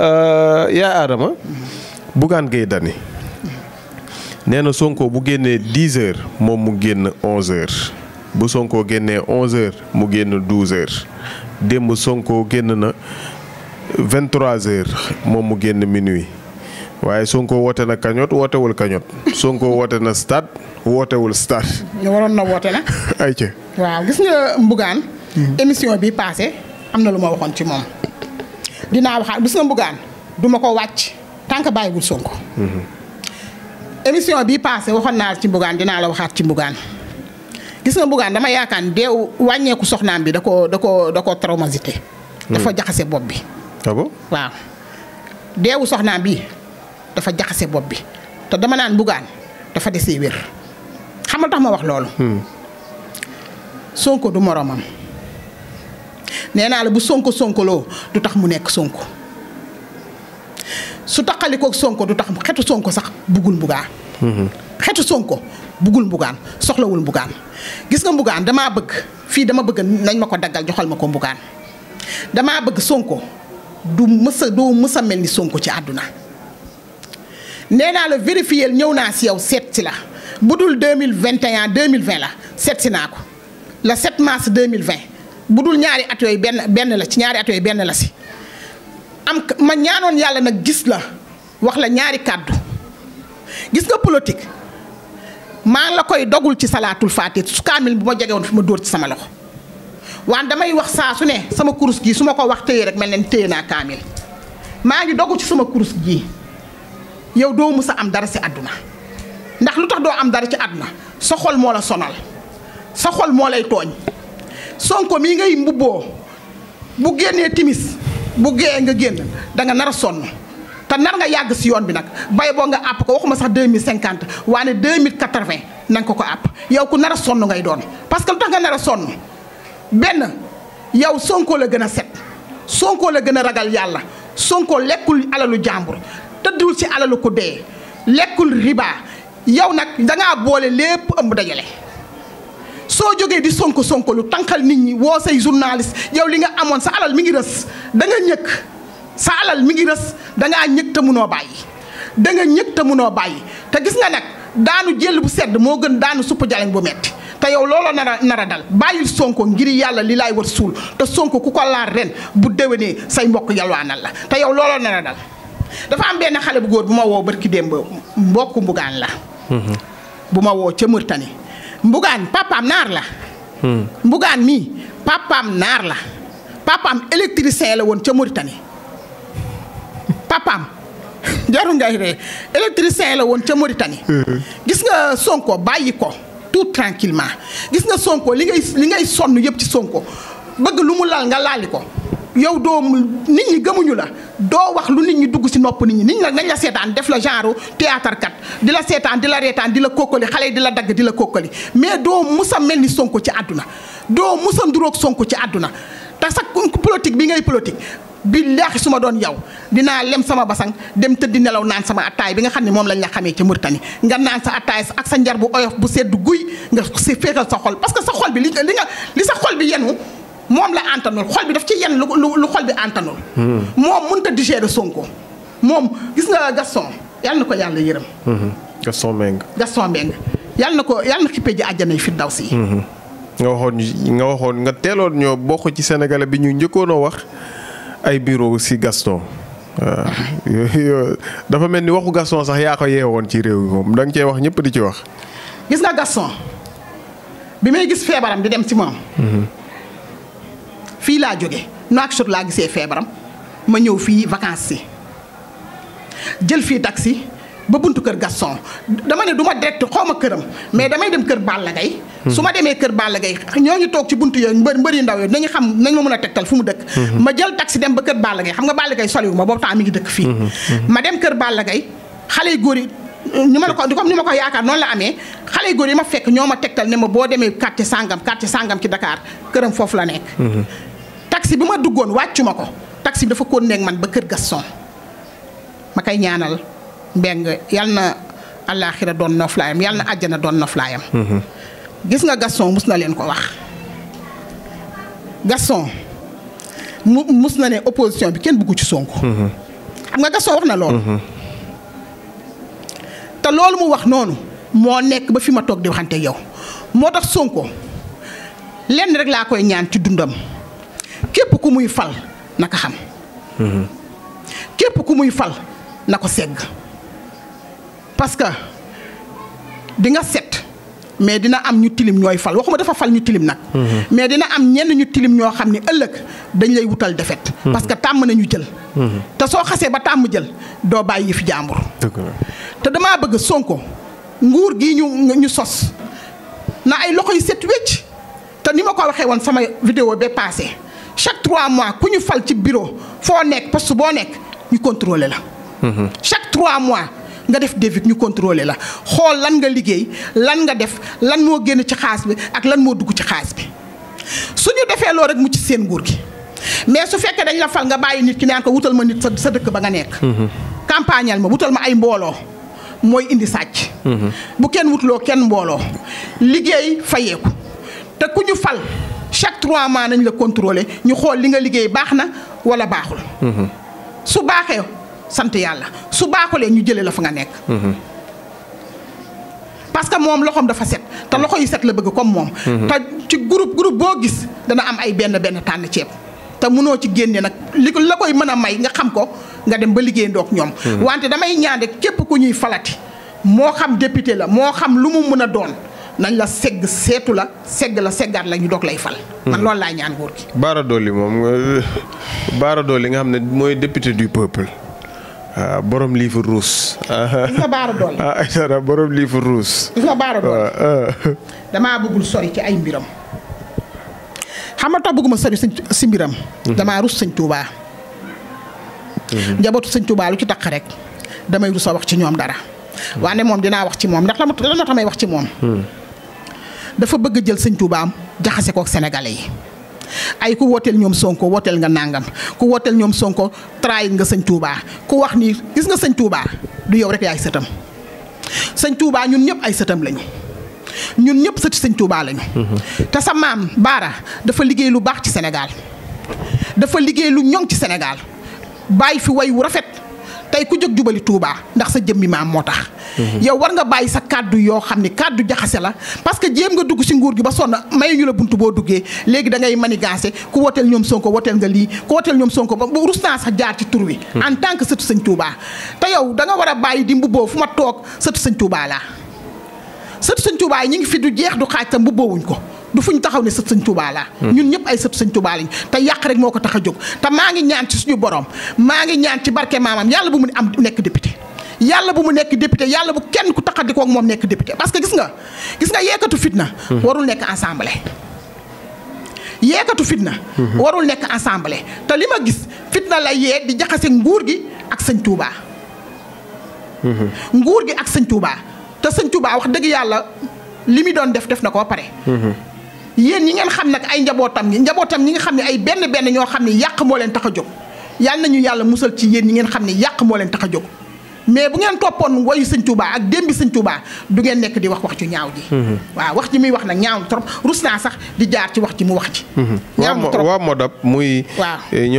Euh, yaa Adama. Bougane Gueye Dany nee na Sonko bu génnee dix heures moom mu génn onze bu Sonko génnee onze heures mu génn douze heures démb Sonko génn na vingt trois heures moom mu génn minuit waaye Sonko woote na kañot wootewul kañot Sonko woote na stade wootewul stade. ñu waroon na woote nag. ayca waaw gis nga Bougane hmm. émission bi passé am na lu ma waxoon ci moom. dinaa waxaat bis nga mbugaan duma ko wàcc tànk bàyyiwul Sonko. émission bii paase waxoon naa ci mbugaan dinaa la waxaat ci mbugaan gis nga mbugaan dama yaakaar deew wàññeeku soxnaam bi da ko da ko da ko traumatisé. dafa hmm. jaxase bopp bi. ah bon waaw bi dafa jaxase bopp bi te dama naan mbugaan dafa desee wér xam nga tax ma wax loolu. Hmm. Sonko du moromam. nee naa la bu sonko loo du tax mu nekk sonko su taqalikook sonko du tax xetu sonko sax buggul mbugaan mhm. xetu sonko buggul mbugaan soxlawul mbugaan gis nga mbugaan damaa bëgg fii dama bëgg nañ ma ko daggal joxal ma ko mbugaan damaa bëgg sonko du mësa doo mësa mel ni sonko ci àdduna nee naa la vérifier ñëw naa si yow seet si la bu dul 2021 2020 la seet si naa ko le 7 mars 2020 bu dul ñaari at yooyu benn benn la ci ñaari at yooyu benn la si am ma ñaanoon yàlla nag gis la wax la ñaari kàddu gis nga politique maa la koy dogul ci salaatul faatih su kaamil bu ma jege fi ma dóor ci sama loxo waan damay wax saa su ne sama kurus gii su ma ko wax téye rek mel ne téye naa kaamil maa ngi dogu ci sama kurus gi yow doo mus a am dara si àdduna ndax lu tax doo am dara ci àdduna sa xol moo la sonal sa xol moo lay tooñ. sonko mii ngay mbubboo bu génnee timis bu géeyee nga génn da nga nar a sonn te nar nga yàgg si yoon bi nag bay boo nga àpp ko waxuma sax deux mille cinquante waane deux mille quatre vingt na ko ko àpp yow ku nar a sonn ngay doon. parce que lu tax nga nar a sonn benn yow sonko la gën a set sonko la gën a ragal yàlla sonko lekkul alalu jàmbur tëddul si alalu ku dee lekkul riba yow nag dangaa boole lépp ëmb dajale. soo jógee di sonk sonko lu tànkal nit ñi woo say journaliste yow li nga amoon sa alal mi ngi rës da nga ñëkk sa alal mi ngi rës da ngaa ñëkk te munoo bàyyi da nga ñëkk te munoo bàyyi te gis nga nag daanu jël bu sedd moo gën daanu supp jaleñ bu metti te yow looloo nara nara dal bàyyil sonko ngir yàlla li laay war suul te sonko ku ko laar ren bu déwénee say mbokk yalwaanal la te yow looloo nara dal dafa am benn xale bu góor bu ma woo barki démb mbokku mbugaan la mm-hmm. bu ma woo ca mbugaan papaam naar la. Hmm. mbugaan mii papaam naar la papaam électricien la woon ca Mauritanie papam jaru ngay ree électricien la woon ca Mauritanie. Hmm. gis nga Sonko bàyyi ko tout tranquillement gis nga Sonko li ngay li ngay sonn yëpp ci Sonko bëgg lu mu lal nga laali ko yow doomu nit ñi gëmuñu la. doo wax lu nit ñi dugg si nopp nit ñi nit ñi nga nañ la seetaan def la genre théâtre kat di la seetaan di la reetaan di la kokkali xale yi di la dagg di la kokkali mais doo musa mel ni Sonko ci àdduna doo musa nduroog Sonko ci àdduna te sax politique bi ngay bi billaahi su ma doon yow dinaa lem sama basan dem tëdd nelaw naan sama attaay bi nga xam ne moom lañ la xamee ca Murtani nga naan sa attaay ak sa njar bu oyof bu sedd guy nga si féexal sa parce que sa xol bi li nga li sa xol bi yenu moom la antanul xol bi daf ci yenn lu lu xol bi antanul hmm. moom mënut a digérer moom gis nga Gaston yal na ko yàlla yërëm hmm. Gaston Mbengue yal na ko yal na xippee ji àjjana yi fi daw si nga waxoon nga waxoon nga teeloon ñoo bokk ci sénégalais bi ñu njëkkoonoo wax ay bureau si Gaston waaw euh, dafa mel ni waxu Gaston sax yaa ko yeewoon ci réew mi moom da cee wax ñëpp di ci wax gis nga Gaston bi may gis feebaram di dem si moom hmm. fii laa jóge Nouakchott laa gisee feebaram ma ñëw fii vacances si jël fii taxi ba buntu kër Gaston dama ne du ma direct xaw ma këram mais damay dem kër Balla Gaye su ma demee kër Balla Gaye ñoo ñu toog ci buntu yooyu mbër mbëri ndaw yooyu nañu xam nañ ma mën a tegtal fu mu dëkk ma jël taxi dem ba kër Balla Gaye xam nga Balla Gaye soliwu ma boobu temps mi ngi dëkk fii ma dem kër Balla Gaye xale yu góor yi ñu ma la ko di comme ni ma ko yaakaar noonu la amee xale yu góor yi ma fekk ñoo ma tegtal ne ma boo demee quartier sàngam quartier sàngam ci Dakar këram foofu la nekk taxi bi ma duggoon wàccuma ko taxi bi dafa koon neeg man ba kër gason ma kay ñaanal mbeng yal na àllaaxira doon noflaayam yal na àjjana doon noflaayam mhm. gis nga Gaston mus na leen ko wax Gaston mu mus na ne opposition bi kenn bëggu ci Sonko mhm. nga Gaston wax na loolu mhm. te loolu mu wax noonu moo nekk ba fi ma toog di waxante yow moo tax Sonko lenn rek laa koy ñaan ci dundam képp ku muy fal na ko xam. Mm-hmm. képp ku muy fal na ko segg parce que di nga set mais dina am ñu tilim ñooy fal waxuma dafa fal ñu tilim nag. Mm-hmm. mais dina am ñenn ñu tilim ñoo xam ni ëllëg dañ lay wutal defet mm-hmm. parce que tàmm nañu jël. te soo xasee ba tàmm jël doo bàyyi fi jàmbur. te damaa bëgg sonko nguur gi ñu ñu sos na ay loxo yu set wecc te ni ma ko waxee woon sama vidéo ba passé chaque trois mois ku ñu fal ci bureau foo nekk poste boo nekk ñu contrôler la. Mhm. chaque trois mois nga def dévite ñu contrôler la xool lan nga liggéey lan nga def lan moo génn ci xaas bi ak lan moo dugg ci xaas bi su ñu defee loo rek mu ci seen nguur gi mais su fekkee dañ la fal nga bàyyi nit ki naan ko wutal ma nit sa sa dëkk ba nga nekk. Mhm. campagnal ma wutal ma ay mbooloo mooy indi sàcc. Mhm. bu kenn wutloo kenn mbooloo liggéey fayeeku te ku ñu fal. chaque trois mois nañu la contrôler ñu xool li nga liggéey baax na wala baaxul. Mm-hmm. su baaxee sant yàlla su baaxulee ñu jëlee la fu nga nekk. Mm-hmm. parce que moom loxoom dafa set te loxo yi set la bëgg comme moom. Mm-hmm. te ci groupe groupe boo gis dana am ay benn benn tànn ceeb. te mënoo ci génne nag li ko la koy mën a may nga xam ko nga dem ba liggéey ndoog ñoom. wante damay ñaan képp ku ñuy falati moo xam député la moo xam lu mu mën a doon. nañ la segg seetu la segg la seggaat la ñu doog lay fal. man hmm. loolu laa ñaan nguur gi. Bara li moom euh, Bara Dolly nga xam ne mooy député du peuple. ah borom livre rouge. Ah, gis nga Bara Dolly. Ah, ah, damaa bëggul sori ci ay mbiram. xam nga tax bëgguma sori si mbiram. Hmm. damaa rus sëñ Tuubaa. Hmm. njabootu sëñ Tuubaa lu ci taq rek damay rus a wax ci ñoom dara. waaye moom dinaa wax ci moom ndax la ma tax wax ci moom. dafa bëgg a jël sañ Touba jaxase kook sénégalais yi ay ku wooteel ñoom Sonko wooteel nga nangam ku wooteel ñoom Sonko trahir nga sañ Touba ku wax ni gis nga sañ Touba du yow rek yaay sëtam sëñ Touba ñun ñëpp ay sëtam lañu ñun ñëpp sëti sañ tuubaa lañu. Mm-hmm. te sa maam Baara dafa liggéey lu baax ci Sénégal dafa liggéey lu ñoŋ ci Sénégal bàyyi fi way wu rafet. tey ku jóg jubali Touba ndax sa jëmmi maam moo tax. Mhm. yow war nga bàyyi sa kàddu yoo xam ne kàddu jaxase la parce que jéem nga dugg si nguur gi ba sonn mayu ñu la buntu boo duggee léegi dangay ngay manigancé ku wooteel ñoom Sonko wooteel nga lii ku wooteel ñoom Sonko ba rus naa sax jaar ci tur wi. Hmm. en tant que sëtu sëñ Touba te yow da nga war a bàyyi di mbubboo fu ma toog sëtu sëñ Touba laa sëtu sëñ Touba yi ñu ngi fi du jeex du xaaj tam mbubboo wuñ ko. du fuñ taxaw ne sët sëñ Tuubaa laa hmm. ñun ñëpp ay sët sëñ Tuubaa te yàq rek moo ko tax a jóg te maa ngi ñaan ci suñu borom maa ngi ñaan ci barke maamam yàlla bu mu am nekk député yàlla bu mu nekk député yàlla bu kenn ku taxadikoo ak moom nekk député parce que gis nga gis nga yeekatu fitna hmm. warul nekk assemblée yeekatu fitna hmm. warul nekk assemblée te li ma gis fitna la yee di jaxase nguur gi ak sëñ Tuubaa nguur gi ak sëñ Tuubaa te sëñ Tuubaa wax dëgg yàlla li muy doon def def na ko yéen ñi ngeen xam nag ay njabootam ñi njabootam ñi nga xam ne ay benn benn ñoo xam ne yàq moo leen tax a jóg na nañu yàlla musal ci yéen ñi ngeen xam ne yàq moo leen tax a jóg mais bu ngeen toppoon wayu sëñ Touba ak démbi sëñ Touba du ngeen nekk di wax wax ci ñaaw ji mhm. waa wax ji muy wax nag ñaaw trop rus naa sax di jaar ci wax ji mu wax ci mhm. ñaaw trop waaw moo dab muy waaw eh,